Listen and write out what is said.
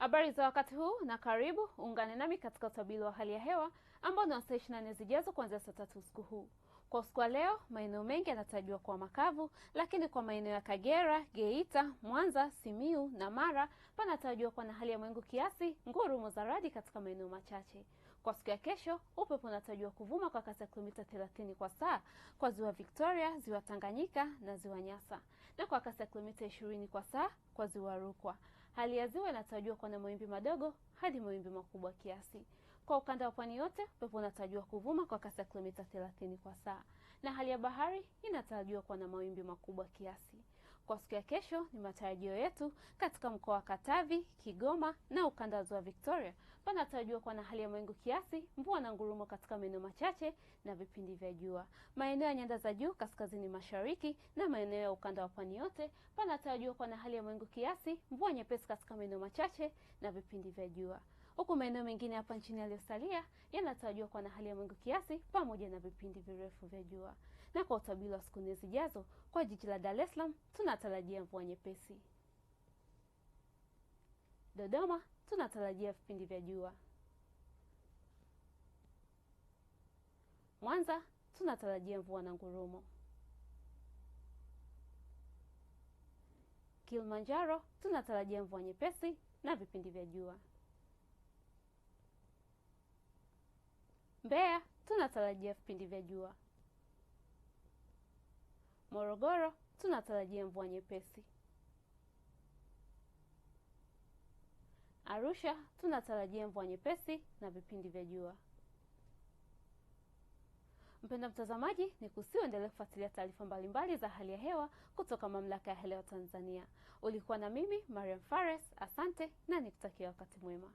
Habari za wakati huu na karibu uungane nami katika utabiri wa hali ya hewa ambao ni wa saa 24 zijazo kuanzia saa tatu usiku huu. Kwa usiku wa leo, maeneo mengi yanatarajiwa kuwa makavu, lakini kwa maeneo ya Kagera, Geita, Mwanza, Simiu na Mara panatarajiwa kuwa na hali ya mawingu kiasi, ngurumo za radi katika maeneo machache. Kwa siku ya kesho, upepo unatarajiwa kuvuma kwa kasi ya kilomita 30 kwa saa kwa ziwa Victoria, ziwa Tanganyika na ziwa Nyasa, na kwa kasi ya kilomita 20 kwa saa kwa ziwa Rukwa. Hali ya ziwa inatarajiwa kuwa na mawimbi madogo hadi mawimbi makubwa kiasi. Kwa ukanda wa pwani yote, upepo unatarajiwa kuvuma kwa kasi ya kilomita 30 kwa saa, na hali ya bahari inatarajiwa kuwa na mawimbi makubwa kiasi. Kwa siku ya kesho ni matarajio yetu katika mkoa wa Katavi, Kigoma na ukanda wa Ziwa Victoria panatarajiwa kuwa na hali ya mawingu kiasi, mvua na ngurumo katika maeneo machache na vipindi vya jua. Maeneo ya nyanda za juu kaskazini mashariki na maeneo ya ukanda wa pwani yote panatarajiwa kuwa na hali ya mawingu kiasi, mvua nyepesi katika maeneo machache na vipindi vya jua huku maeneo mengine hapa nchini yaliyosalia yanatarajiwa kuwa na hali ya mawingu kiasi pamoja na vipindi virefu vya jua. Na kwa utabiri wa siku nne zijazo, kwa jiji la Dar es Salaam tunatarajia mvua nyepesi. Dodoma tunatarajia vipindi vya jua. Mwanza tunatarajia mvua na ngurumo. Kilimanjaro tunatarajia mvua nyepesi na vipindi vya jua. Mbeya tunatarajia vipindi vya jua. Morogoro tunatarajia mvua nyepesi. Arusha tunatarajia mvua nyepesi na vipindi vya jua. Mpenda mtazamaji, ni kusiuendelee kufuatilia taarifa mbalimbali za hali ya hewa kutoka Mamlaka ya Hewa Tanzania. Ulikuwa na mimi Mariam Fares, asante na nikutakia wakati mwema.